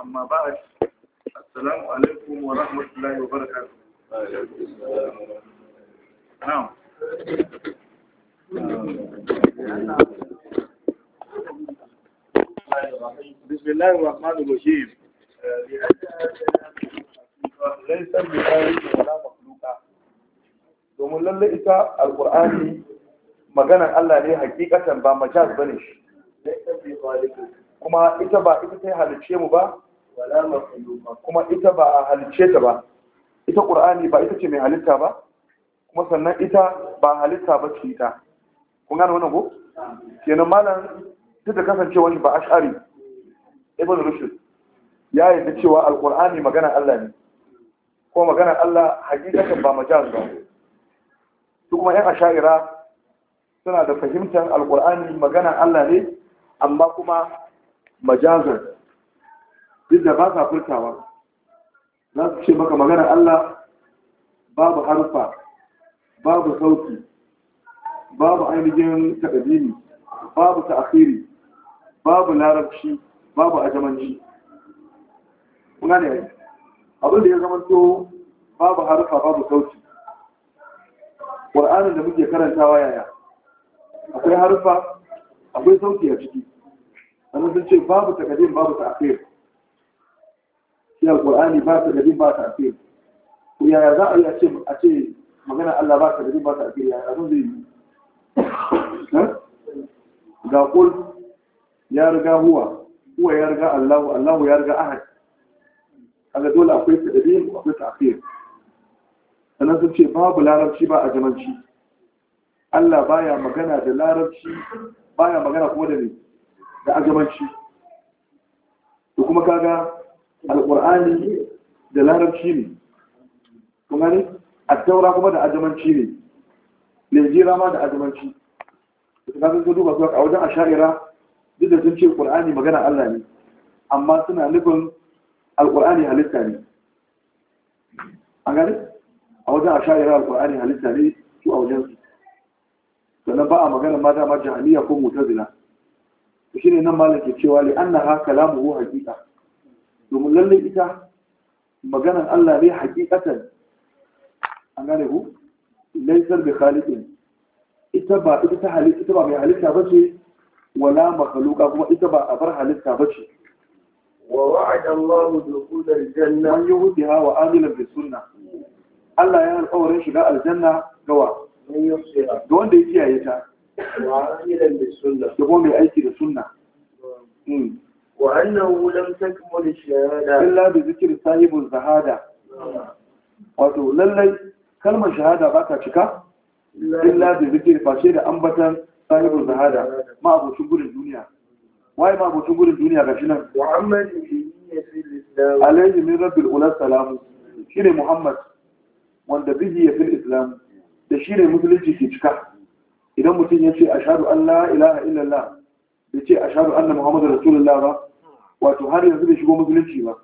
أما بعد السلام عليكم ورحمة الله وبركاته نعم بسم الله الرحمن الرحيم ليس بخارج ولا مخلوقة domin lalle ita alkur'ani maganan Allah ne hakikatan ba majaz bane shi kuma ita ba ita ta halicce mu ba kuma ita ba a halice ta ba ita ƙur'ani ba ita ce mai halitta ba kuma sannan ita ba halitta ba ce ita kun gane wannan ko kenan malam duk da kasance wani ba ash'ari ibn rushd ya yarda cewa alqur'ani magana Allah ne ko magana Allah hakikatan ba majaz ba su kuma yan ash'ira suna da fahimtar alqur'ani magana Allah ne amma kuma majazan duk da ba sa furtawa za su ce maka magana Allah babu harfa babu sauti babu ainihin takadimi babu ta'akhiri babu larabci babu ajamanci kuna ne abin da ya zama to babu harfa babu sauti ƙwar'anin da muke karantawa yaya akwai harfa akwai sauti a ciki sannan sun ce babu takadin babu ta'akhiri shi ba ta da ba ta tafsir yaya za a yi a ce magana Allah ba ta da ba ta tafsir yaya abin zai yi ga kul ya riga huwa huwa ya riga Allahu Allahu ya riga ahad ga dole akwai ta tadbir akwai ta ake sannan sun ce babu larabci ba a jamanci Allah baya magana da larabci baya magana kuma da ne da ajamanci to kuma kaga alƙur'ani da larabci ne kuma ne a taura kuma da adamanci ne lejira ma da adamanci da kasan su duba su a wajen a sha'ira duk da sun ce ƙur'ani magana allah ne amma suna nufin alƙur'ani halitta ne an gani a wajen a sha'ira alƙur'ani halitta ne su a wajen su sannan ba a magana ma dama jahiliya ko mutazila shi ne nan malam ke cewa li annaha kalamuhu haqiqa domin lallai ita maganan Allah ne hakikatan an gane ku laisar da khaliqin ita ba ita ta halitta ita ba mai halitta bace wala makhluqa kuma ita ba a bar halitta ba bace wa wa'ada Allah dukhul aljanna man yuhdiha wa amila bi sunnah Allah ya alƙawarin shiga aljanna gawa ga wanda ya kiyaye ta wa amila bi sunnah da kuma mai aiki da sunna hmm. وأنه لم تكمل الشهادة إلا بذكر صاحب الزهادة wato lallai kalmar shahada ba ta cika illa da zikir fashe da ambatan sahibin zahada ma abocin gudun duniya waye ma abocin gudun duniya ga shi nan alayhi min rabbil ulas salamu muhammad wanda bihi ya fil islam da shine musulunci ke cika idan mutum ya ce a an Allah ilaha illallah Ya ce a shaɗu annan muhammadu rasulullah ba wato har yanzu bai shigo musulunci ba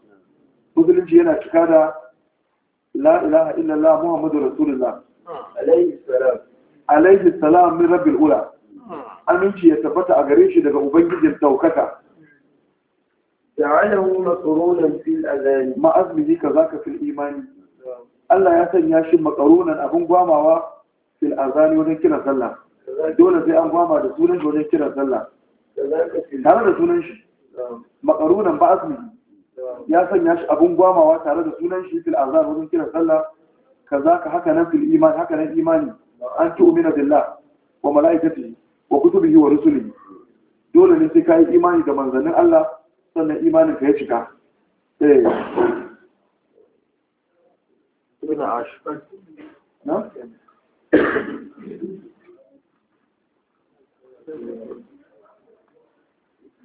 musulunci yana cika da la illallah muhammadu rasulullah alaihi salam min rabbil ula aminci ya tabbata a gare shi daga ubangijin daukaka ja'alahu maqrunan fil azan ma azmihi kazaka fil imani Allah ya sanya shi makarunan abin gwamawa fil azani wajen kiran sallah dole sai an gwama da sunan wajen kiran sallah tare da sunan shi makarunan ba asmi ya sanya shi abun gwamawa tare da sunan shi fil azar wajen kiran sallah kaza ka haka nan fil iman haka nan imani an ci umina billah wa malaikati wa kutubihi wa rusulihi dole ne sai kai imani da manzannin Allah sannan imanin ka ya cika eh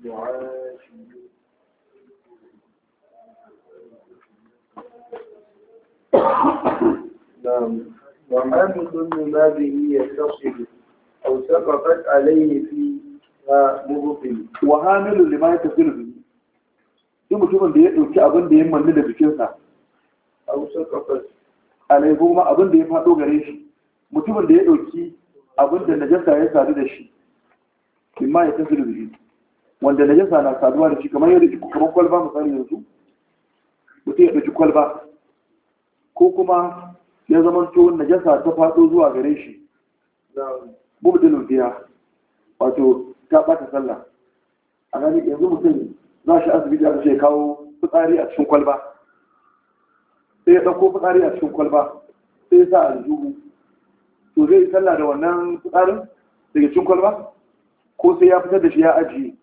نعم وما بظن ما به يتصل أو سقطت عليه فيها مبطل وهامل لما يتصل به duk mutumin da ya ɗauki abin da ya manni da jikinsa alai kuma abin da ya faɗo gare shi mutumin da ya ɗauki abin da najasa ya sadu da shi imma ya tafi da wanda najasa na saduwa da shi kamar yadda kamar kwalba misali yanzu mutum ya ɗauki kwalba ko kuma ya zama to najasa ta fado zuwa gare shi mubdilun biya wato ta ɓata sallah a gani yanzu mutum za shi asibiti aka ce kawo fitsari a cikin kwalba sai ya ɗauko fitsari a cikin kwalba sai ya sa aljuhu to zai yi sallah da wannan fitsarin daga cikin kwalba ko sai ya fitar da shi ya ajiye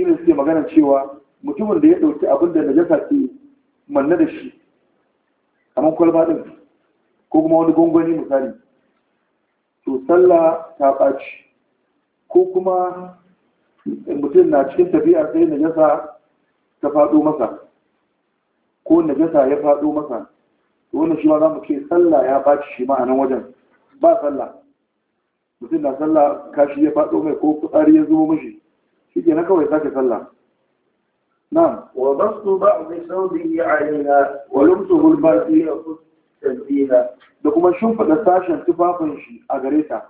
irin ne suke magana cewa mutumin da ya ɗauki abin da najasa ke manna da shi kamar kwalba ɗin ko kuma wani gwangwani misali to sallah ta ɓaci ko kuma mutum na cikin tafiya sai najasa ta faɗo masa ko najasa ya faɗo masa to wannan shi ma za mu ce sallah ya ɓaci shi ma a nan wajen ba sallah mutum na sallah kashi ya faɗo mai ko fitsari ya zubo mashi Shike na kawai sake sallah نعم وبسط بعض ثوبه عليها ولمسه الباقي تنزيها da kuma shimfiɗa sashen tufafin shi a gare ta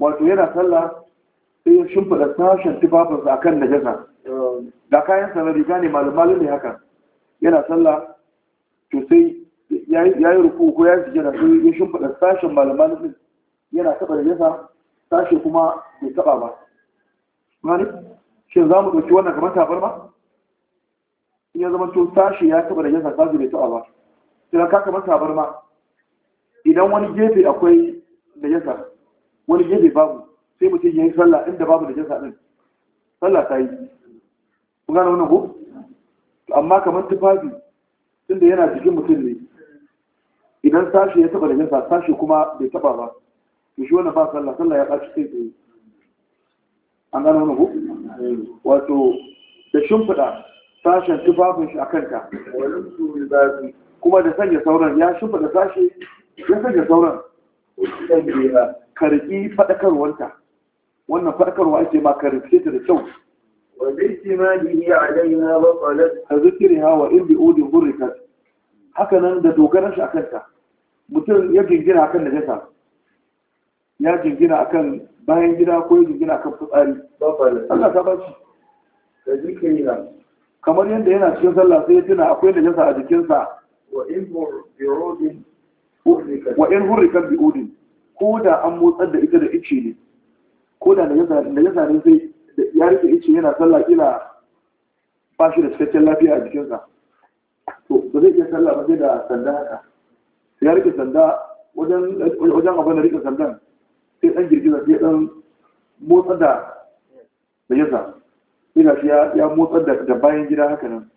wato yana sallah sai ya shimfiɗa sashen tufafin sa akan najasa da kayan sa na ne malamalu ne haka yana sallah to sai ya yi ruku ko ya yi sujada sai ya shimfiɗa sashen malamalu yana taɓa da jasa, sashe kuma bai taɓa ba mani shin za mu ɗauki wannan kamar tabar ba in ya zama to sashi ya taɓa da yasa sashi bai taɓa ba sai ka kamar tabar ma idan wani gefe akwai da yasa wani gefe babu sai mutum ya yi sallah inda babu da yasa din sallah ta yi kun gane wannan ko amma kamar tufafi tunda yana jikin mutum ne idan sashi ya taɓa da yasa sashi kuma bai taɓa ba to shi wannan ba sallah sallah ya ɓaci sai tsaye an gano wani wato da shimfiɗa sashen tufafin shi a kanta kuma da sanya sauran ya shimfiɗa sashe ya sanya sauran karɓi faɗakarwarta wannan faɗakarwa ake ma karɓe ta da kyau Ta عليها بطلت ذكرها وإن odin بركت haka nan da dogaran shi a kanta mutum ya jingira kan najasa ya jingina akan bayan gida ko ya jingina akan fitsari Allah ta bashi da zikiri na kamar yadda yana cikin sallah sai ya tuna akwai jasa a jikinsa wa in hurrikan bi in bi'udin ko da an motsar da ita da ice ne ko da jasa ne sai ya rike ice yana sallah kila bashi da cikakken lafiya a jikinsa to ba zai iya sallah ba sai da sanda haka ya rike sanda wajen abin da rike sandan sai ɗan girgiza sai ɗan motsar da da yasa ina shi ya motsar da bayan gida haka nan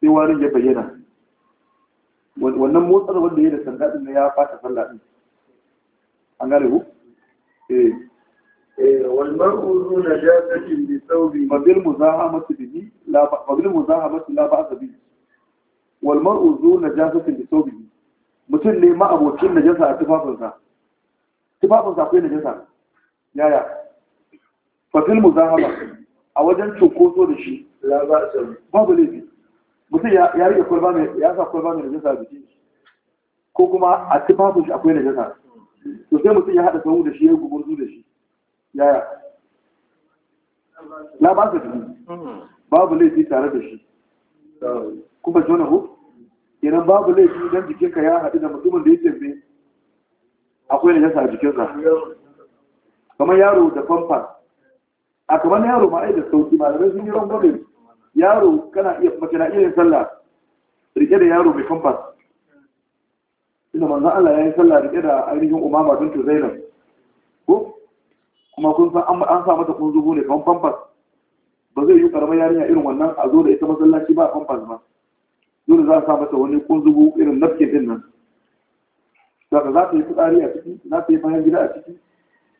sai warin ya bayyana wannan motsar wanda ya da sanda ɗin ya fata sallah ɗin an gane ku? eh والمرء ذو نجاسة بثوبه فبالمزاحمة به لا فبالمزاحمة لا بأس به والمرء ذو نجاسة بثوبه mutum ne ma abokin najasa a tufafinsa tufafin sa akwai najasa yaya fasil zahaba a wajen cokoso da shi babu laifi mutum ya rike kwalba mai ya sa kwalba mai najasa da shi. ko kuma a tufafin shi akwai najasa to sai mutum ya haɗa sahu da shi ya yi gumurzu da shi yaya la ba su jini babu laifi tare da shi kuma jona hu kenan babu laifi don jikinka ya haɗu da mutumin da ya tafi akwai najasa a jikinsa kamar yaro da famfa a kamar yaro ma ai da sauki malamai sun yi rangwamin yaro kana iya mace na iya yin sallah rike da yaro mai famfa inda manzan Allah ya yi sallah rike da ainihin umama don ta zainab ko kuma kun san an sa mata kun zubo ne kamar famfa ba zai yi karamar yarinya irin wannan a zo da ita masallaci ba famfa ba dole za a sa mata wani kun zubo irin nafkin din nan daga za ta yi fitsari a ciki, za ta yi bayan gida a ciki.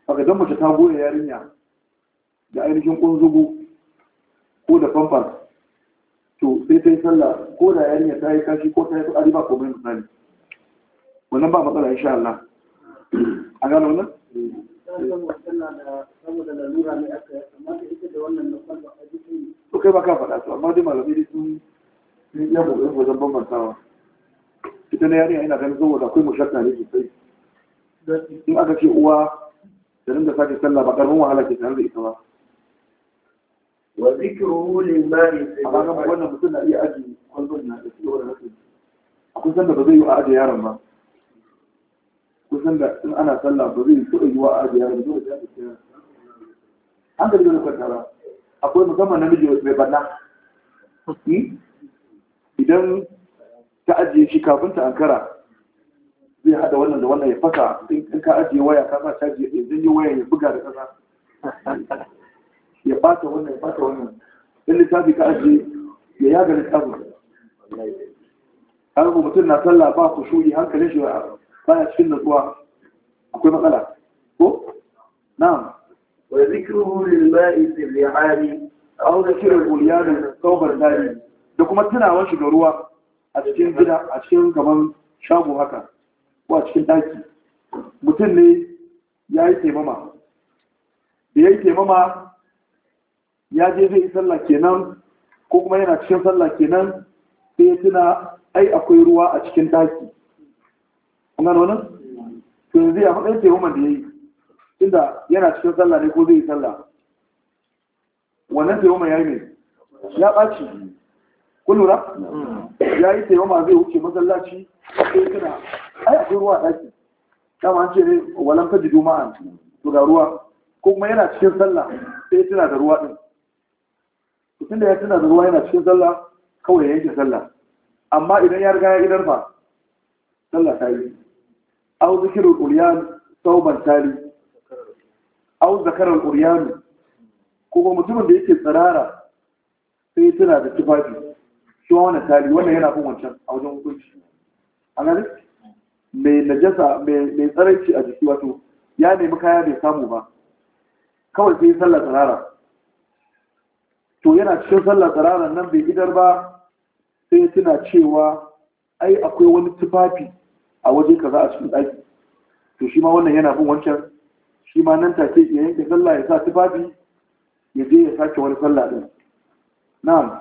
daga don mace ta goya yarinya da ainihin ƙunzugu ko da famfas. To sai ta yi sallah ko da yarinya ta yi kashi ko ta yi fitsari ba komai misali. Wannan ba matsala insha Allah. A gano wannan? Saboda lalura ne amma ita da wannan na kwalba a jikin. To kai ba ka faɗa su, amma dai malamai sun yabo wajen bambantawa. Fita na yarinya ina ganin saboda akwai mushakka ne sosai in aka ce uwa da rinda sake sallah ba karbin wahala ke tare da ita ba wa zikruhu limari sai ba wannan mutum na iya aji kwallon na da cikin wannan hakan akwai sanda ba zai yi a aje yaron ba kusan da in ana sallah ba zai taɓa yi wa a aje yaron dole sai ya an gari da kwanta ba akwai musamman namiji mai banna hmm? idan ta ajiye shi kafin ta ankara zai hada wannan da wannan ya faka in ka ajiye waya ka sa caji ya yi waya ya buga da kasa ya bata wannan ya bata wannan in littafi ka ajiye ya yaga littafin an mutum na sallah ba ku shuri hankalin shi ba ya cikin nutsuwa. akwai matsala ko na wa zikruhu lillahi ma'i fil ri'ani aw zikru al-ulyan tawbar dari da kuma tunawa shi ga ruwa a cikin gida a cikin gaban shago haka ko a cikin daki mutum ne ya yi taimama da ya yi taimama ya je zai yi sallah kenan ko kuma yana cikin sallah kenan sai ya tuna ai akwai ruwa a cikin daki an gano nan to yanzu ya matsayin taimama da ya yi inda yana cikin sallah ne ko zai yi sallah wannan taimama ya yi ne ya ɓaci kullura ya yi taimama zai wuce masallaci sai suna ai yi ruwa ɗaki dama an ce ne walan faji juma'an to ga ruwa ko kuma yana cikin sallah sai tuna da ruwa ɗin. mutum da ya tuna da ruwa yana cikin sallah kawai ya yanke sallah amma idan ya riga ya idar ba sallah ta yi au zikirul uriyan sauban tali au zakarar uriyan ko mutumin da yake tsirara sai tuna da tufafi shi wannan tari wannan yana bin wancan a wajen hukunci a gani mai najasa mai tsaraici a jiki wato ya nemi kaya bai samu ba kawai sai sallar tsirara to yana cikin sallar tsiraran nan bai gidar ba sai tuna cewa ai akwai wani tufafi a waje ka za a cikin ɗaki to shi ma wannan yana bin wancan shi ma nan take ya yanke sallah ya sa tufafi ya je ya sake wani sallah din na'am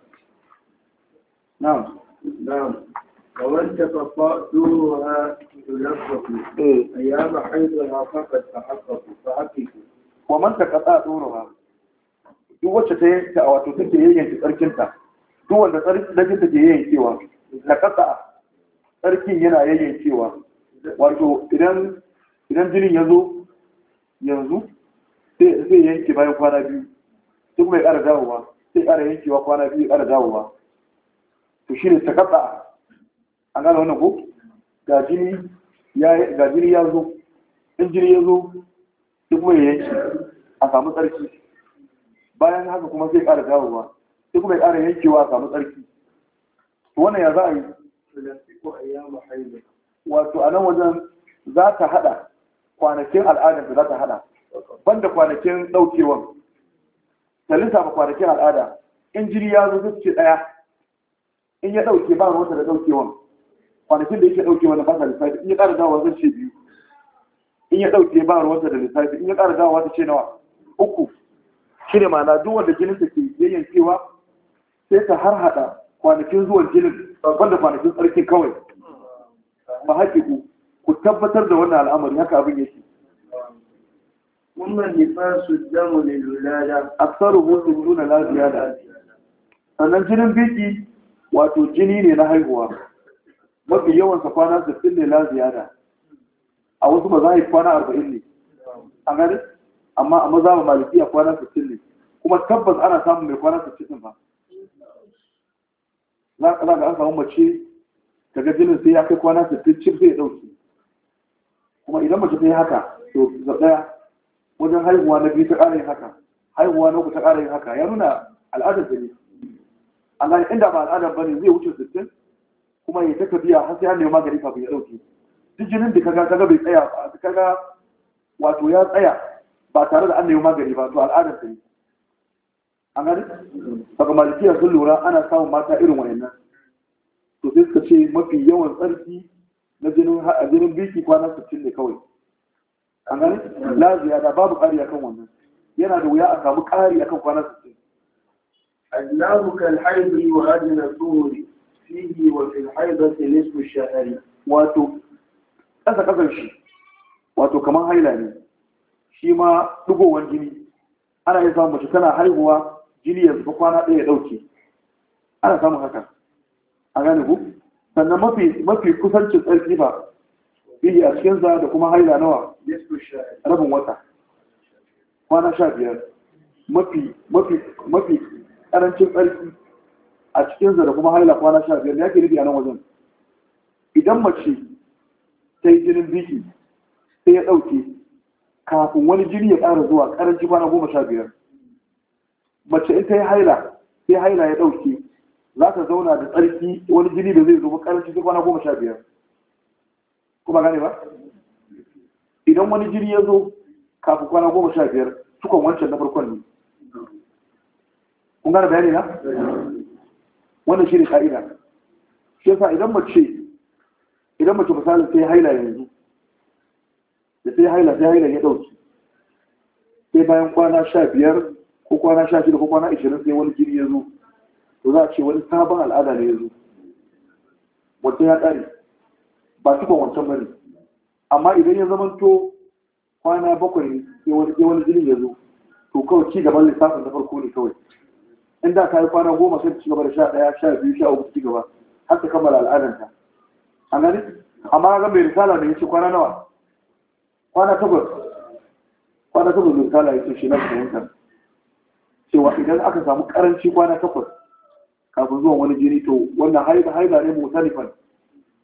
نعم نعم ومن تفضلوها تلفظوا أيام حيضها فقد تحققوا فحققوا ومن تقطع دورها duk wacce ta yanke a wato take yanke tsarkinta duk wanda tsarkin take yankewa na kasa tsarkin yana yankewa wato idan idan jinin ya zo yanzu sai yanke bayan kwana biyu duk mai ƙara dawowa sai ƙara yankewa kwana biyu ƙara dawowa to shi ne ta katsa a gane wannan ko ga ya zo injini ya zo duk mai yanki a samu tsarki bayan haka kuma sai ƙara dawowa sai kuma ƙara yankewa a samu tsarki wannan ya za a yi wato a nan wajen za ta haɗa kwanakin al'adar da za ta haɗa banda kwanakin ɗaukewan talisa ba kwanakin al'ada injini ya zo duk ce ɗaya in ya ɗauke ba ruwanta da ɗaukewan kwanakin da yake ɗauke wani ba sa lissafi in ya ƙara dawa zan ce biyu in ya ɗauke ba ruwanta da lissafi in ya ƙara dawa ta ce nawa uku shi ne ma'ana duk wanda jinin ta ke cewa sai ta har haɗa kwanakin zuwan jinin da kwanakin tsarkin kawai ma haƙi ku ku tabbatar da wannan al'amari haka abin yake wannan su jamu ne lulada aksaru mutum nuna lafiya da sannan jinin biki wato jini ne na haihuwa mafi yawan sa kwana 60 ne la ziyada a wasu ba za a yi kwana 40 ne a gani amma a maza maliki a kwana 60 ne kuma tabbas ana samun mai kwana 60 ba za ka za ka an samu mace ga jinin sai ya kai kwana 60 cif zai ɗauki? kuma idan mace ta yi haka to ɗaya, wajen haihuwa na biyu ta ƙara yin haka haihuwa na uku ta ƙara yin haka ya nuna al'adar da an inda ba al'adar bane zai wuce sittin kuma ya taka biya har sai an nemi magani kafin ya dauke duk jinin da kaga kaga bai tsaya ba kaga wato ya tsaya ba tare da an nemi magani ba to al'adar ta ne an gani daga malikiya sun lura ana samun mata irin wayannan to sai suka ce mafi yawan tsarki na jinin biki kwana sittin ne kawai an gani la ziyada babu ƙari akan wannan yana da wuya a samu ƙari akan kwana sittin أدناه كالحيض وأدنى الطهر فيه وفي الحيضة نصف الشهر واتو أذا قبل شيء واتو كمان هيلاني shi ma ɗigowar jini ana iya samun mace tana haihuwa jini ya kwana ɗaya ya ɗauke ana samun haka a gane ku sannan mafi kusancin tsarki ba biyu a cikin za da kuma haila nawa rabin wata kwana sha biyar mafi karancin tsarki a cikin da kuma haila kwana sha biyar ya ke nufi a nan wajen idan mace ta yi jinin biki sai ya ɗauke kafin wani jini ya ƙara zuwa ƙarancin kwana goma sha biyar mace in ta yi haila sai haila ya ɗauke za ta zauna da tsarki wani jini da zai zo ƙaranci kwana goma sha biyar kuma gane ba idan wani jini ya zo kafin kwana goma sha biyar tukon wancan na farkon ne kun gane bayani na wannan shi ne ka'ida shi yasa idan mace idan mace misalin sai haila yanzu da sai haila sai haila ya ɗauki sai bayan kwana sha biyar ko kwana sha shida ko kwana ashirin sai wani jini ya zo to za a ce wani sabon al'ada ne ya zo wancan ya ƙare ba tukon wancan bane amma idan ya zamanto kwana bakwai sai wani jini ya zo to kawai ci gaban lissafin na farko ne kawai in da ka yi kwana goma sai ci gaba da sha ɗaya sha biyu sha uku ci gaba har ta kammala al'adanta a gani amma ga mai risala da ya ce kwana nawa kwana takwas kwana takwas mai risala ya ce shi na fahimta cewa idan aka samu karanci kwana takwas kafin zuwa wani jini to wannan haila haila ne talifan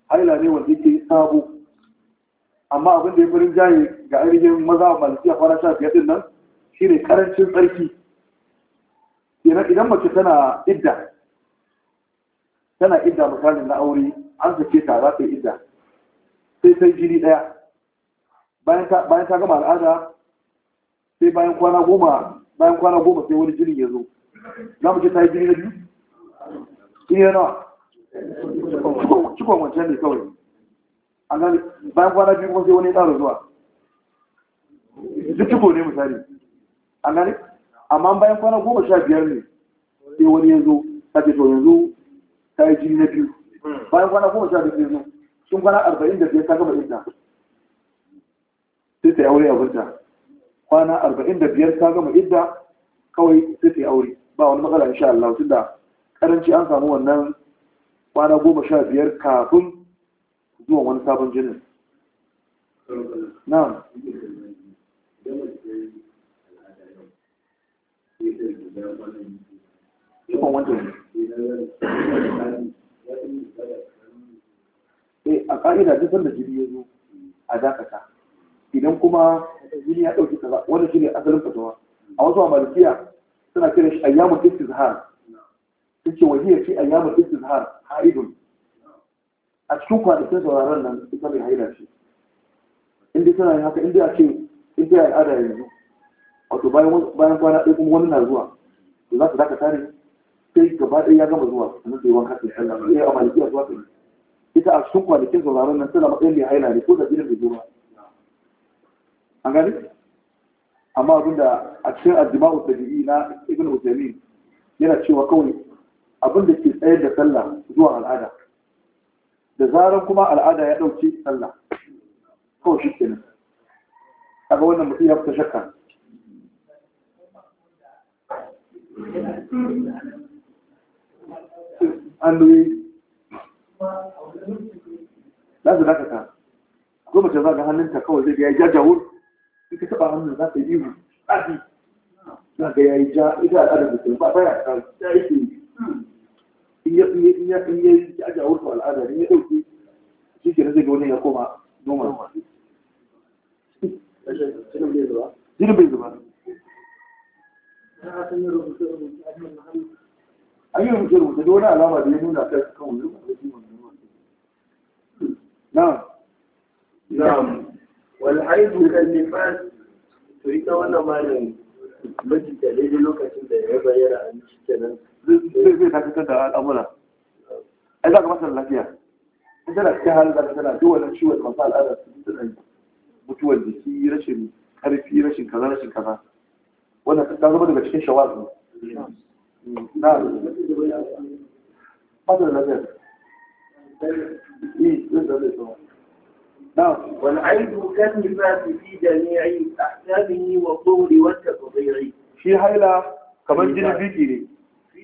haila ne wanda yake sabo amma abin da ya fi rinjaye ga ainihin maza malisiya kwana sha biyar din nan shine karancin tsarki kenan idan mace tana idda tana idda misalin na aure an zake ta za ta yi idda sai sai jini ɗaya bayan ta gama al'ada sai bayan kwana goma bayan kwana goma sai wani jini ya zo za mace ta yi jini na biyu jini na nawa cikon wancan ne kawai an gani bayan kwana biyu kuma sai wani ya tsara zuwa duk ciko ne misali an gani amma bayan kwana goma sha biyar ne sai wani yanzu ta ce to yanzu ta yi jini na biyu bayan kwana goma sha biyar yanzu sun kwana arba'in da biyar ta gama idda sai ta yi aure a abinta kwana arba'in da biyar ta gama idda kawai sai ta yi aure ba wani matsala insha Allah da karanci an samu wannan kwana goma sha biyar kafin zuwa wani sabon jinin na'am Eh, a ƙa'ida duk sanda jini ya zo a dakata idan kuma jini ya ɗauki kaza wanda shi ne asalin fatawa a wasu a suna kiran shi ayyamun Zahar" sun ce wahiyar fi ayyamun istizhar ha'idun a cikin kwanakin sauraron nan ita mai haila ce inda tana yin haka inda a ce inda al'ada yanzu wato bayan kwana ɗaya kuma wani na zuwa to za ka za ka tare sai gaba ɗaya ya gama zuwa sannan sai wanka sai sallah sai a malikiya zuwa kai ita a cikin kwanakin sauraron nan tana matsayin mai haila ne ko da jirin bai zo an gani amma abinda a cikin aljima'u ta tabi'i na ibn uthaymeen yana cewa kawai abinda ke tsayar da sallah zuwa al'ada da zarar kuma al'ada ya ɗauki sallah kawai shi kenan kaga wannan mutum ya fita shakka hannuyi za su ko za ga hannunta kawai zai ya yi jajawur in ka taɓa hannun za ka yi ihu za ka ya yi ja ita da ba ta ya yi ke in ya ya in ya yi jajawur ko al'ada in ke zai ga wani ya koma noma bai zuba an yi rubuce rubuce da wani alama da ya nuna kai kan wani rubuce na'am na'am wal haidu kan nifas to ita wannan malam miji da daidai lokacin da ya bayyana a ciki kenan zai zai dakatar da al'amura ai za ka masa lafiya in tana cikin halin da tana duk wannan ciwon masu al'ada su tana mutuwar jiki rashin karfi rashin kaza rashin kaza wannan ta zama daga cikin shawazi na fadar da zai eh, na wani aiki kan yi za su fi da a yi tsakanin shi haila kamar jini biki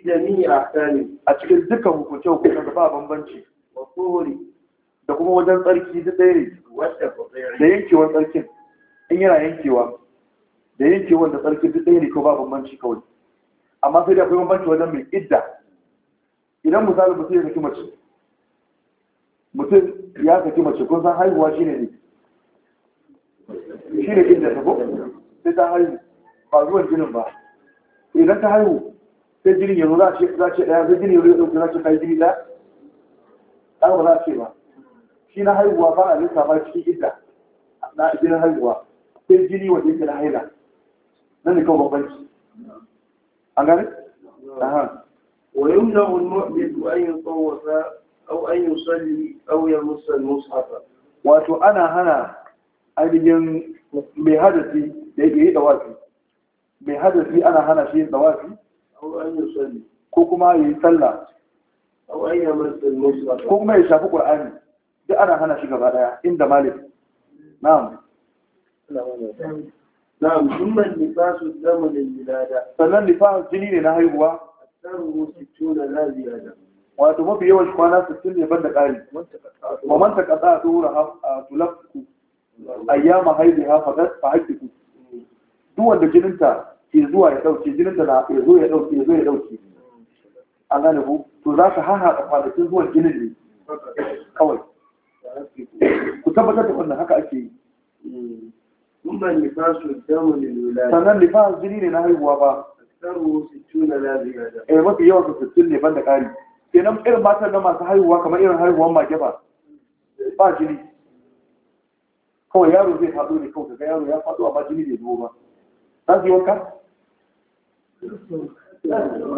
ne a cikin dukkan hukunce hukunce da ba bambanci wa da kuma wajen tsarki duk ɗaya ne da yankewar tsarkin in yana yankewa da yanke wanda tsarki duk ɗaya ne ko babu banci kawai amma sai da akwai banci wajen mai idda idan misali mutum ya saki mace mutum ya saki mace kun san haihuwa shine ne shine idda ta ko sai ta haihu ba zuwan jinin ba idan ta haihu sai jinin yanzu za ce za ce ɗaya sai jinin yanzu ya ɗauki za ce yi jini ɗaya ɗaya ba za ce ba shi na haihuwa ba a lissafa cikin idda na jinin haihuwa sai jini wanda yake na haila nan ne kawai babbanci an gane? ويمنع المؤمن أن يطوف أو أن يصلي أو يمس المصحف wato ana hana ainihin mai hadasi da yake yi dawafi mai hadasi ana hana shi dawafi ko kuma yi sallah ko kuma ya shafi ƙur'ani duk ana hana shi gaba daya inda malik na'am na'am sannan jini ne na haihuwa asaru wato mafi yawan kwana 60 ne banda ƙari wa man taqata dura tulafku ayyama haidiha faqat fa hakiku duk wanda jininta ke zuwa ya dauke jininta na ya zo ya dauke ya zo ya dauke an gane ku to za ka da kwanakin zuwan jinin ne kawai ku tabbatar da wannan haka ake yi hmm. sannan nifas jini ne na haihuwa ba eh mafi yawan su ne ban da ƙari kenan irin matan na masu haihuwa kamar irin haihuwan mage ba ba jini kawai yaro zai faɗo ne kawai ga yaro ya faɗo amma jini bai zo ba za su yi wanka?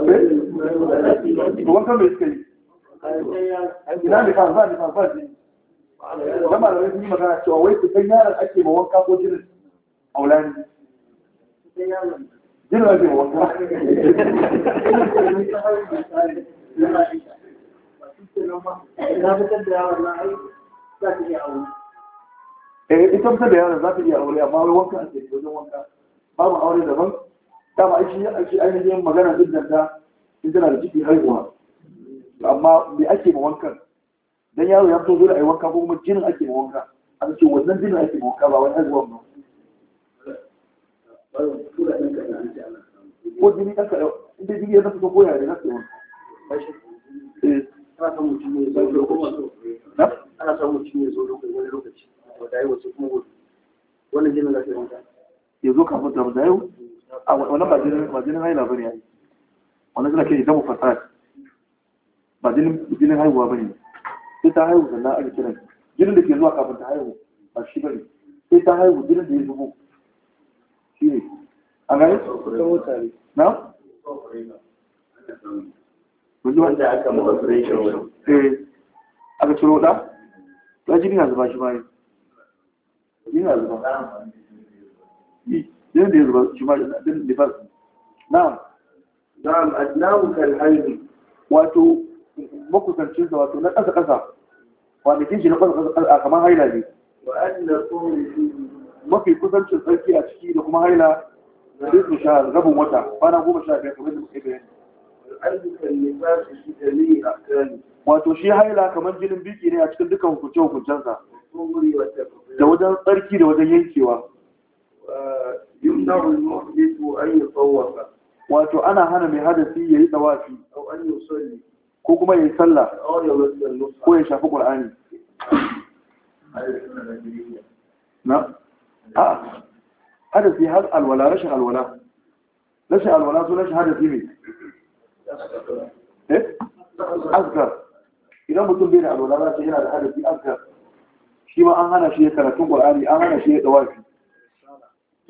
Eh? wanka mai suka yi ina ne kan za ne kan ba jini zama da yi magana cewa wai su san yaron ake ma wanka ko jinin aulani jira zai eh ita fitar da yawon za ta iya aure amma wanka a cikin wajen wanka babu aure daban dama aiki aiki ainihin magana duk da ta in tana da ciki haihuwa amma me ake ma wankan dan yaro ya fito zuwa yi wanka ko kuma jinin ake ma wanka an ce wannan jinin ake ma wanka ba wani haihuwan ba ko jini ɗan kaɗa inda jini ya zafi ko yare na tsohon ana samun mutum ne zo lokacin ana samun mutum ne zo lokacin wani lokaci da yawa sai kuma gudu wannan jinin za ka yi wanka ya zo kafin da da yau a wannan ba jinin ba jinin haila bane ai wannan jinin kai zamu fasad ba jinin jinin haihuwa bane sai ta haihu sannan ake kiran jinin da ke zuwa kafin ta haihu ba shi bane sai ta haihu jinin da ya zubo shi a gani? na? wanda aka mawasarai wani eh. aka ciro ɗa? ta na zuba shi bayan na zuba da zuba shi ɗin lifas na na'am adnahu kal wato makusancin wato na ƙasa ƙasa kwanakin shi na ƙasa ƙasa kamar haila ne tsohon mafi kusancin tsarki a ciki da kuma haila da zai su sha rabin wata bana goma sha biyar kamar da muka bayani wato shi haila kamar jinin biki ne a cikin dukkan hukunce hukuncensa da wajen tsarki da wajen yankewa wato ana hana mai hadasi ya yi tsawafi ko kuma ya yi sallah ko ya shafi ƙul'ani na A'a, hadasi har alwala rashin alwala rashin alwala su rashin hadasi ne eh idan mutum bai da alwala za su yana da hadasi asgar shi an hana shi ya karatun qur'ani an hana shi ya dawafi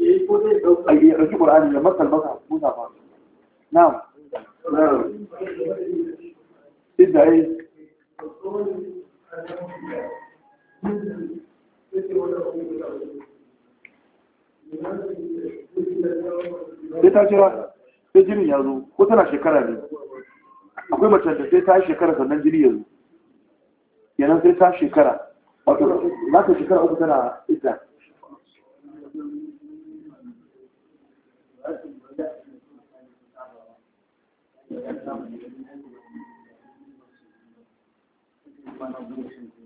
ai ya dauki qur'ani ya masal masa musa fa na'am idda ai Thank you. sai ta jira sai jinin ya zo ko tana shekara ne akwai mace da sai ta yi shekara sannan jini ya zo yanan sai ta shekara wato za shekara uku tana idda Thank you.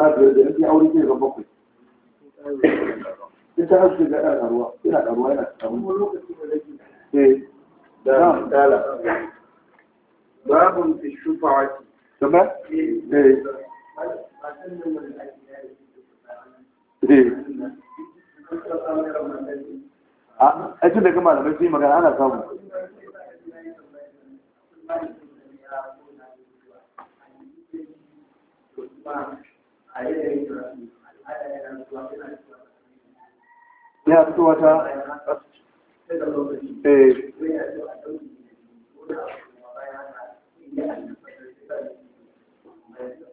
أنا برد عندي أول شيء ربك أنت عارف إذا أنا أروى إلى أروى إلى أروى إيه ده ده نعم. لا باب في الشفاعة تمام إيه إيه, إيه. أه أجل لك ماذا بس يمكن أنا أفهمه Thank you. yana zuwa yana zuwa ya fito wata eh.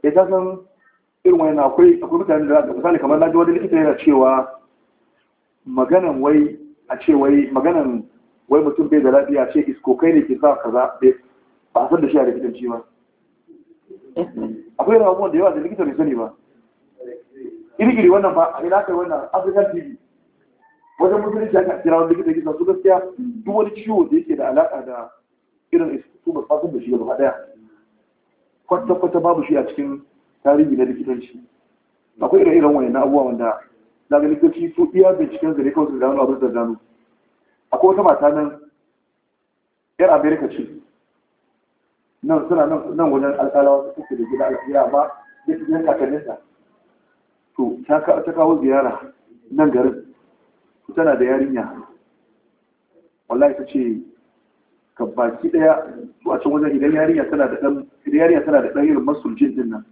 ya ta san irin wani na akwai akwai mutane da aka misali kamar naji wani likita yana cewa maganan wai a ce wai maganan wai mutum bai da lafiya ce iskokai ne ke sa kaza ba a san da shi a likitanci ba akwai ramuwan da yawa da likita bai sani ba iri wannan ba a yi lafai wannan african tv wajen musulunci aka kira wanda likita gizon su gaskiya duk wani ciwo da yake da alaƙa da irin su ba fasin da shi gaba ɗaya kwata-kwata babu shi a cikin tarihi na likitanci akwai ire-iren wani na abuwa wanda na likitanci su iya binciken zare kawai su gano abin da gano akwai wata mata nan yar amerika ce nan suna nan wajen alƙalawa su suke da gida alƙira ba da su yanka kaninsa to ta kawo ziyara nan garin tana da yarinya wallahi ta ce ka baki daya zuwa can wajen idan yarinya tana da dan idan yarinya tana da dan irin masulcin din nan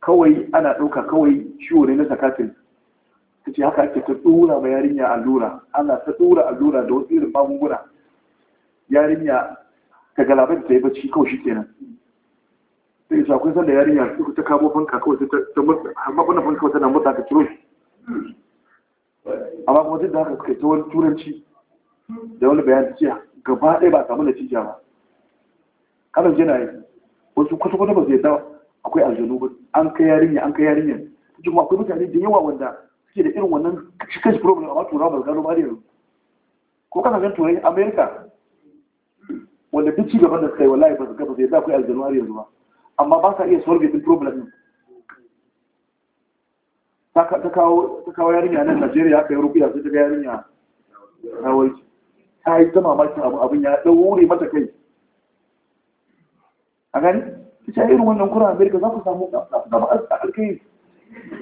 kawai ana ɗauka kawai ciwo ne na zakatin ta ce haka ake ta ɗura ma yarinya allura ana ta allura da wasu irin magunguna yarinya ta galabar ta yi bacci kawai shi kenan sai sa kun san da yarinya duk ta kawo fanka kawai sai ta mutsa amma kuna fanka tana mutsa ka ciro shi amma kuma duk da haka suka ta wani turanci da wani bayan jiya gaba ɗaya ba a samu natija ba kalan jina yi wasu kwata kwata ba su yadda akwai aljanu ba an kai yarinya an kai yarinya kuma akwai mutane da yawa wanda suke da irin wannan cikin problem amma turawa ba su gano ba da ko ko kasashen turai amerika wanda duk ci gaban da suka yi wallahi ba su gaba zai da akwai aljanu har yanzu ba amma ba sa iya solve the problem ta kawo yarinya nan Najeriya aka yi rubiya sai ta ga yarinya ta wai ta yi ta mamakin abu abin ya daure mata kai a gani ta ce irin wannan kura Amerika za ku samu gaba a alkai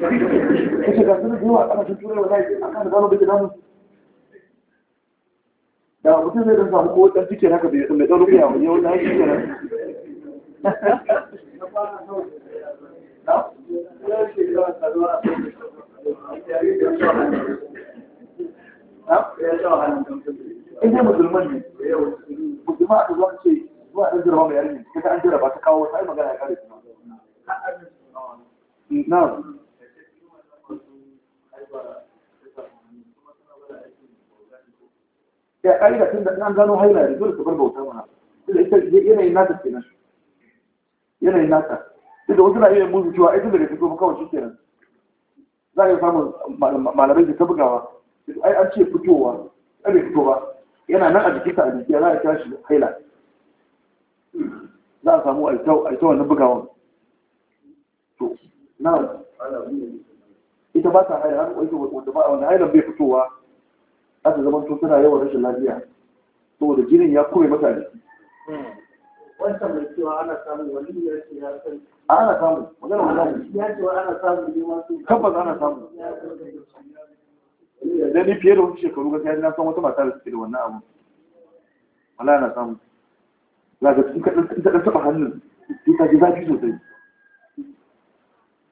ta ce ga sanar da yawa a ƙarashin turai wa zai a kan gano bai damu da mutum zai dan samu ko dan fice haka bai ɗan rubiya wani yau da haka Ina musulman ne, musulman a zuwa ce zuwa ɗan jirma mai yarin ne, an jira ba ta kawo wata magana ya kare kuma. Na. Ya ƙa'ida tun da an gano haila ne dole su bar bauta mana. Ita yanayin nata kenan. yanayin naka duk da wasu na iya musu cewa ita daga fito kawai shi kenan za ka samun malamai da ta bugawa ai an ce fitowa ɗan fito ba yana nan a jikinsa a jiki za a kira shi haila za a samu aita wannan bugawa, to na ita ba ta haila wani wanda ba wani haila bai fitowa za ta zama to tana yawan rashin lafiya saboda jinin ya kure mata jiki wata mai cewa ana samu wani ya ce ya san ana samu magana magana ya ce ana tabbas ana samu da ni fiye da wasu shekaru gaskiya na san wata mata da suke da wannan abu wala na samu za ka in ka dan taba hannun sai ka ji zafi sosai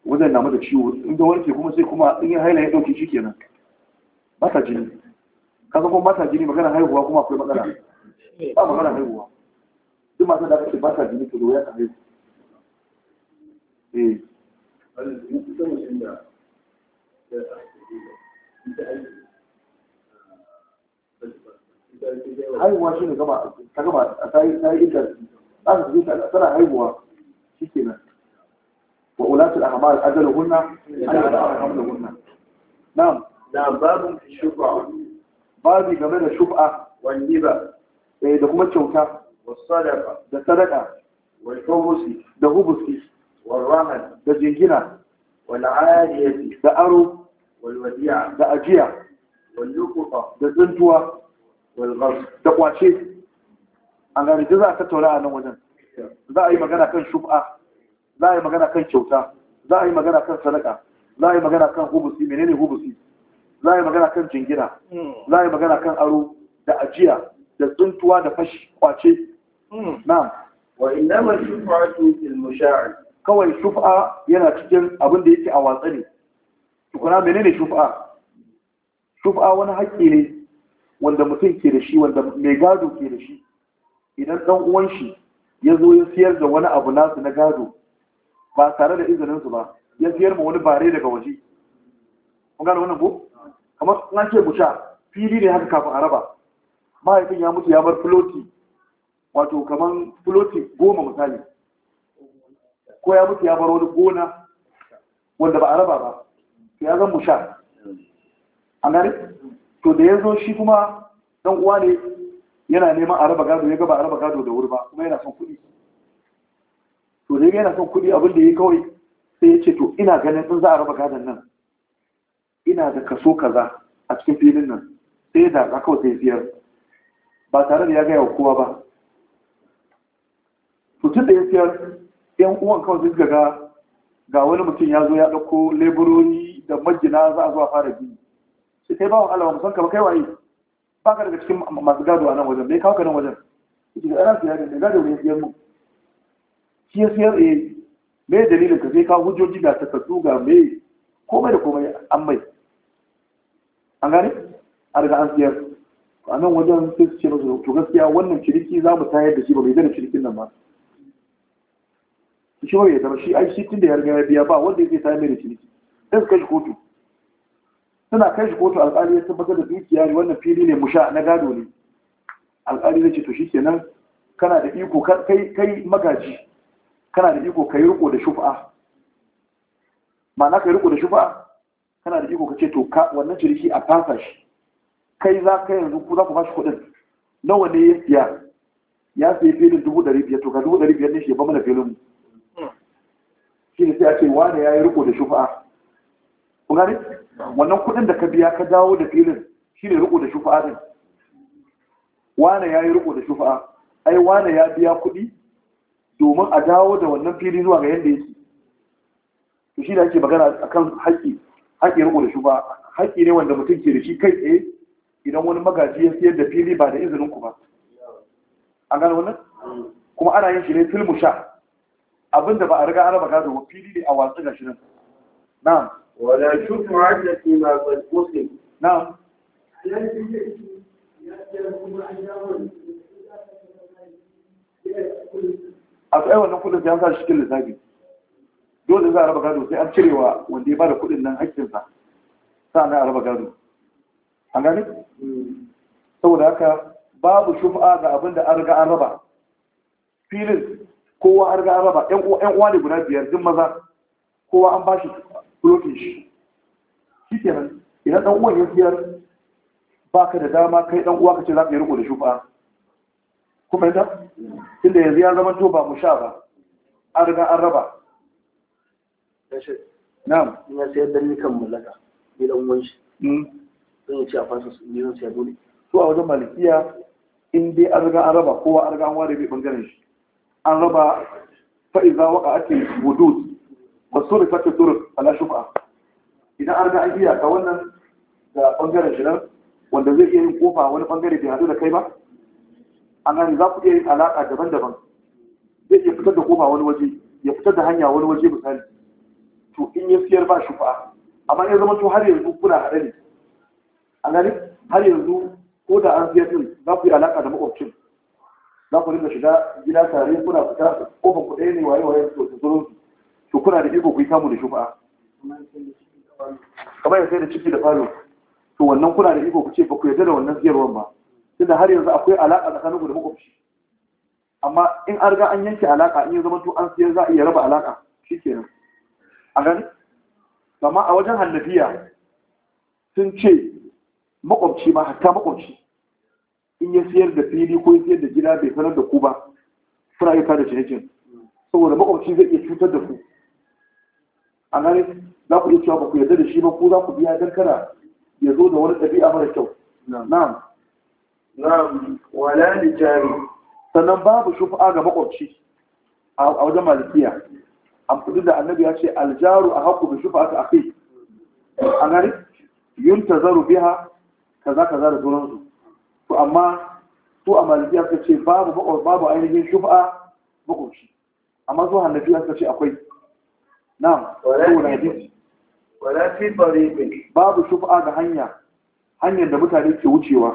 wajen na mata ciwo in warke kuma sai kuma in ya haila ya dauke shi kenan mata jini kasan kuma mata jini magana haihuwa kuma akwai matsala ba magana haihuwa duk masu da aka ce ba ta jini to ya kare su haihuwa shi ne gaba ta gaba a tayi tayi ita za su je tana haihuwa shikenan wa ulatul ahmal ajaluhunna an yada'a hamluhunna na'am da babun shubha babi game da shubha wani ba da kuma kyauta da sadaka wal da hubusi wal da jingina wal da aro wal da ajiya wal da tsuntuwa wal da kwace an gani da za ka taura a nan wajen za a yi magana kan shufa, za a yi magana kan kyauta za a yi magana kan sadaka za a yi magana kan hubusi menene hubusi za a yi magana kan jingina za a yi magana kan aro da ajiya da tsuntuwa da fashi kwace Hmm. na'am wa innama shufa'atu fil musha'ir kawai shufa yana cikin abin da yake a watsa ne tukuna menene shufa shufa wani haƙƙi ne wanda mutum ke da shi wanda mai gado ke da shi idan dan uwan shi ya zo ya siyar da wani abu nasu na gado ba tare da izinin su ba ya siyar ma wani bare daga waje kun gane wannan ko kamar na ce mu sha. fili ne haka kafin a raba. mahaifin ya mutu ya bar filoti wato kaman floti goma misali ko ya mutu ya bar wani gona wanda ba a raba ba ya zan musha an gani to da ya zo shi kuma dan uwa ne yana neman a raba gado ya gaba a raba gado da wuri ba kuma yana son kuɗi to da yana son kuɗi abin da ya kawai sai ya ce to ina ganin sun za a raba gadon nan ina da kaso kaza a cikin filin nan sai ya zaɓa kawai sai ya ba tare da ya gaya wa kowa ba Mutum da ya siyar yan uwan kawai zai gaga ga wani mutum ya zo ya ɗauko leburori da majina za a zuwa fara biyu sai kai bawan Allah musan ka ba kai waye ba ka daga cikin masu gado a nan wajen bai kawo ka nan wajen shi ga ɗan siyar da gado ne siyar mu shi ya siyar eh me dalilin ka sai kawo hujjoji ga takardu ga me komai da komai an mai an gane a daga an siyar a nan wajen sai su ce musu to gaskiya wannan ciriki za mu tayar da shi ba mai zana cirikin nan ba shi wai ya zama shi ai shi tun da ya ya biya ba wanda zai sami da ciniki sai su kai shi kotu suna kai shi kotu alƙali ya tabbatar da dukiya ne wannan fili ne musha na gado ne alƙali zai ce to shikenan kana da iko kai kai magaji kana da iko kai riko da shufa ma'ana kai riko da shufa kana da iko ka ce to ka wannan ciniki a fasa shi kai za ka yanzu ku za ku bashi kuɗin nawa ne ya siya ya sayi filin dubu ɗari biyar to ka dubu ɗari biyar ne shi ya ba mana filin mu shi ne sai a ce wane ya yi riko da shufa'a kun gane wannan kuɗin da ka biya ka dawo da filin shi ne riko da shufa'a din wane ya yi riko da shufa'a ai wane ya biya kuɗi domin a dawo da wannan fili zuwa ga yadda yake to shi da ake magana akan haƙƙi haƙƙi riko da shufa'a haƙƙi ne wanda mutum ke da shi kai tsaye idan wani magaji ya siyar da fili ba da izinin ku ba an gane wannan kuma ana yin shi ne filmu sha abinda ba a riga an raba gado wa fili ne a watsu gashi nan na'am wala shufu hajjati ma qad muslim na'am a tsaye wannan kudin ya sa shi cikin lissafi dole za a raba gado sai an cirewa wanda ya da kudin nan hakkinsa na a raba gado an gani? Hmm. saboda haka babu shufa ga abin da an riga an raba filin kowa an ga raba ƴan uwa ne guda biyar duk maza kowa an ba shi bulokin shi shi kenan idan ɗan uwan ya biyar ba ka da dama kai ɗan uwa ka ce za ka yi riko da shufa kuma yadda inda yanzu ya zama to ba mu sha ba an riga an raba na'am ina sayar da ni kan mallaka ni dan uwan shi ɗan hmm. ya ci a fasa su ni zan sayar dole to a wajen malikiya in dai an riga an raba kowa an riga an ware bai bangaren shi an raba fa'iza waka ake wudud ba su rufata turuk ala shufa idan an ga ajiya, ga wannan da ɓangaren shirar wanda zai iya yin kofa wani ɓangare bai hadu da kai ba an gani za ku iya yin alaƙa daban-daban zai iya fitar da kofa wani waje ya fitar da hanya wani waje misali to in ya siyar ba shufa amma ya zama to har yanzu kuna haɗe ne an gani har yanzu ko da an siyar din za ku yi alaƙa da maƙwabcin za ku dinga shiga gida tare kuna fita kofar ku ɗaya ne waye waye to su zuru to kuna da iko ku yi kamu da shufa kamar ya sai da ciki da falo to wannan kuna da iko ku ce ba ku yarda da wannan siyarwar ba tunda har yanzu akwai alaƙa tsakaninku da makwabci amma in an riga an yanke alaƙa in ya zama to an siyar za a iya raba alaƙa shikenan a gani amma a wajen hannabiya sun ce makwabci ma hatta makwabci in ya siyar da fili ko ya siyar da gida bai sanar da ku ba kuna yi da cinikin saboda makwabci zai iya cutar da ku a nan za ku iya cewa ba ku yarda da shi ba ku za ku biya don kana ya zo da wani ɗabi'a mara kyau na'am na'am wala da jari sannan babu shufa'a ga makwabci a wajen malikiya an fudu da annabi ya ce aljaru a haku da shufa'a a kai a nan yunta zaru biya kaza kaza da sauransu to amma su a malikiya suka ce babu babu ainihin shufa makwabci amma su hannafiya suka ce akwai na'am babu shufa ga hanya hanyar da mutane ke wucewa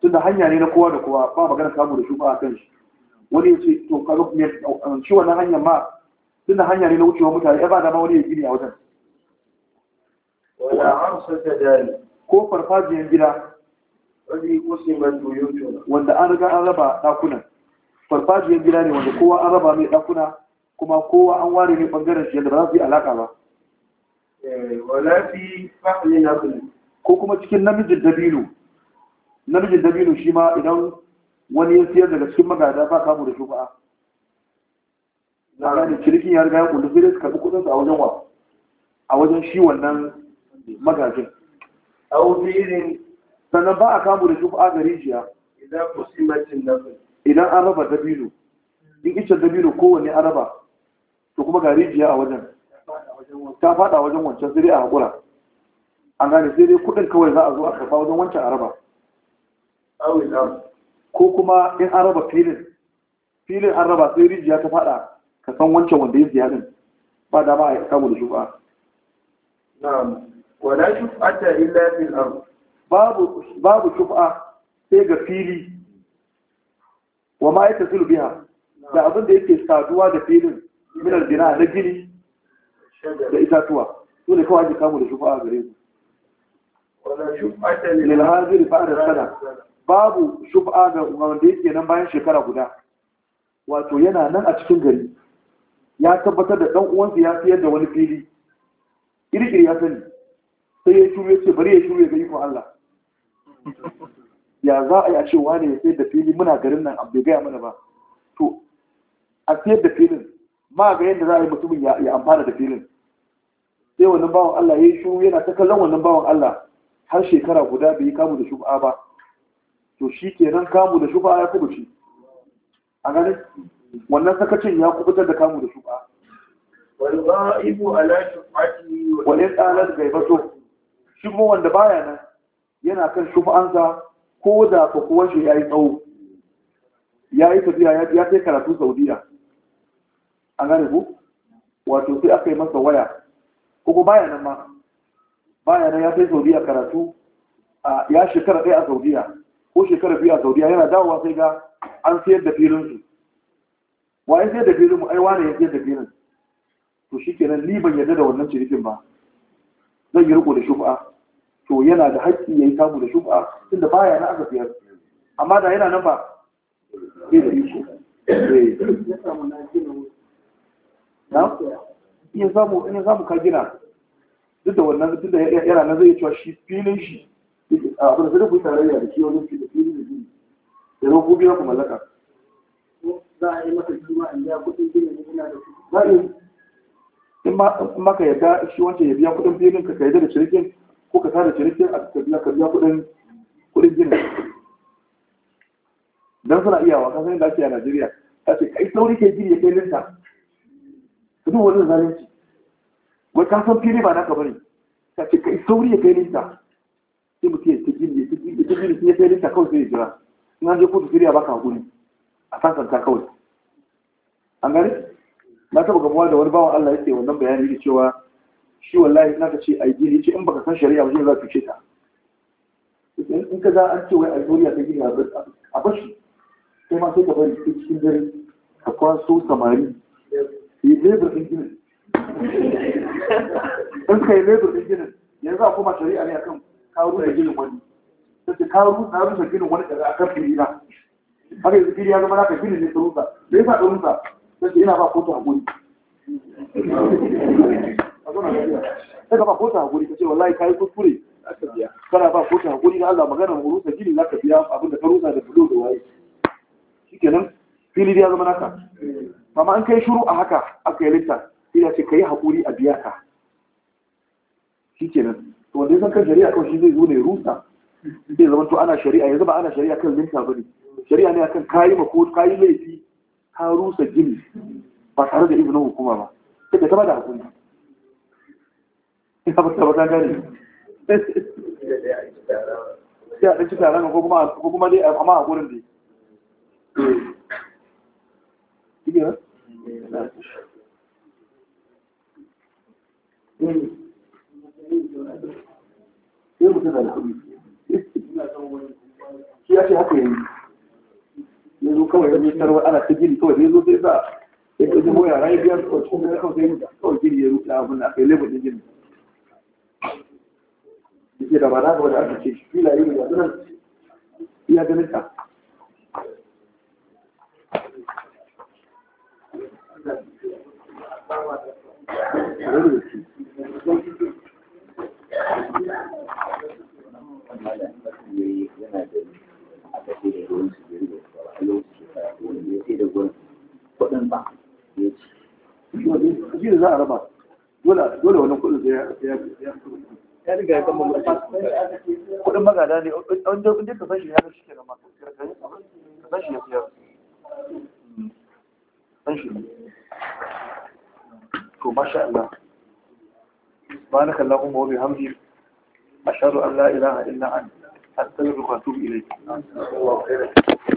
tunda hanya ne na kowa da kowa ba magana samu da shufa a kan shi wani ya ce to ka zo ne shi wannan hanyar ma tunda hanya ne na wucewa mutane ya ba da ma wani ya gini a wajen ko farfajiyar gida wanda an riga an raba ɗakunan farfajiyar gida ne wanda kowa an raba mai ɗakuna kuma kowa an ware ne ɓangaren shi yadda ba za su yi alaƙa ba eh, ko kuma cikin namijin dabino namijin dabino shi ma idan wani ya siyar daga cikin magada ba kamu da shuba'a na gane cinikin ya riga ya kullu sai dai su karɓi kuɗinsu a wajen wa a wajen shi wannan magajin a wani irin sannan ba a kamu da jufa ga rijiya idan an raba dabino in icen dabino kowanne an raba to kuma ga rijiya a wajen ta fada wajen wancan sai dai a haƙura an gane sai dai kuɗin kawai za a zo a karfa wajen wancan araba ko kuma in an raba filin filin an raba sai rijiya ta fada ka san wancan wanda ya siya din ba da ba a kamu da shufa na'am wala shuf'ata illa fil ardh babu shuf'a sai ga fili wa ma yatasilu da abin da yake saduwa da filin min al-bina na gini da itatuwa su ne kawai ake da shuf'a gare su sana babu shuf'a ga wanda yake nan bayan shekara guda wato yana nan a cikin gari ya tabbatar da ɗan uwansa ya siyar da wani fili kirkiri ya sani sai ya shuru ya ce bari ya shuru ya ga ikon Allah ya za a yi a ce wane ya sayar da fili muna garin nan abu gaya mana ba to a sayar da filin ma ga yadda za a yi mutumin ya amfana da filin sai wannan bawan Allah ya yi shuru yana ta kallon wannan bawan Allah har shekara guda bai yi kamu da shuba ba to shi ke nan kamu da shuba ya shi. a ganin wannan sakacin ya kubutar da kamu da shuba wal ghaibu ala shufati wa in talat ghaibatu shi mu wanda baya nan yana kan shufa'ansa ko da kuwa shi ya yi tsawo ya yi tafiya ya kai karatu saudiya an gane ku wato sai aka yi masa waya kuma baya nan ma baya nan ya kai saudiya karatu ya shekara ɗaya a saudiya ko shekara biyu a saudiya yana dawowa sai ga an sayar da su wa ya sayar da filin mu aiwa ne ya sayar da filin to shi kenan ni ban yarda da wannan cirifin ba zan yi riko da shufa to yana da haƙƙi ya yi samu da shuba tunda baya na aka biyar amma da yana nan ba zai da samu eh. na gina samu in samu ka gina duk da wannan duk da yana nan zai cewa shi filin shi abu da sai da ku tarayya da shi wani filin da filin da zai ku biya ku mallaka za a yi maka juma in biya kudin gina ne yana da kuɗi in ma ka yarda shi wancan ya biya kuɗin filin ka kai da shirkin ko ka tara cinikin a tafiya ka biya kuɗin kudin gina dan suna iya wa kasan da ake a Najeriya ta ce kai sauri ke gini ya kai linta ka duk wani zalunci wai ka san fili ba naka bane ta ce kai sauri ya kai linta sai mu ke ta gini ya ta gini ya ya kai linta kawai sai ya jira in an je kotu siriya ba baka guri a sasanta kawai an gani? na taɓa gamuwa da wani bawan Allah ya ce wannan bayani da cewa shi wallahi ina ka ce a yi gini ce in baka san shari'a wajen za ka ce ta in ka za an ce wai a ta gina a bashi sai ma sai ka bari cikin dare ka kwaso samari yi lebur ɗin ginin in ka yi lebur ɗin ginin yanzu a koma shari'a ne akan kawo da ginin wani ta ce kawo rusa na rusa ginin wani daga akan fili na haka yanzu gini ya zama ka ginin ne ta rusa da ya sa ta rusa ta ce ina ba kotu a guri a sai ka ba kota hakuri ka ce wallahi kayi kuskure kana ba kota hakuri na Allah magana mu rusa gini zaka biya abin da ka rusa da bulo da waye shikenan fili ya zama naka amma an kai shiru a haka aka yi litta sai ya ce kai hakuri a biya ka shikenan to wanda san kan shari'a kawai shi zai zo ne rusa zai zama to ana shari'a yanzu ba ana shari'a kan linta ba ne. shari'a ne akan kayi ma ko kayi laifi ka rusa gini ba tare da izinin hukuma ba sai ka taba da hakuri ina ba a taron ko kuma amma a iya sai ya ce haka yayi ya zo kawai ya zo tarwa ana ta gini kawai ya zo sai za ya ɗauki moya rayuwar kawai cikin kawai gini ya rufe abin na kai lebar da gini suke da mana ga wanda aka ce shi filaye ne yanzu iya ganin ka Dole wani kudin ya riga ya gama mutum kudin magada ne wanda kudin ka sashi ya ga shi kenan ma ka sashi ya fiya san shi masha Allah سبحانك اللهم وبحمدك أشهد أن لا إله إلا أنت أستغفرك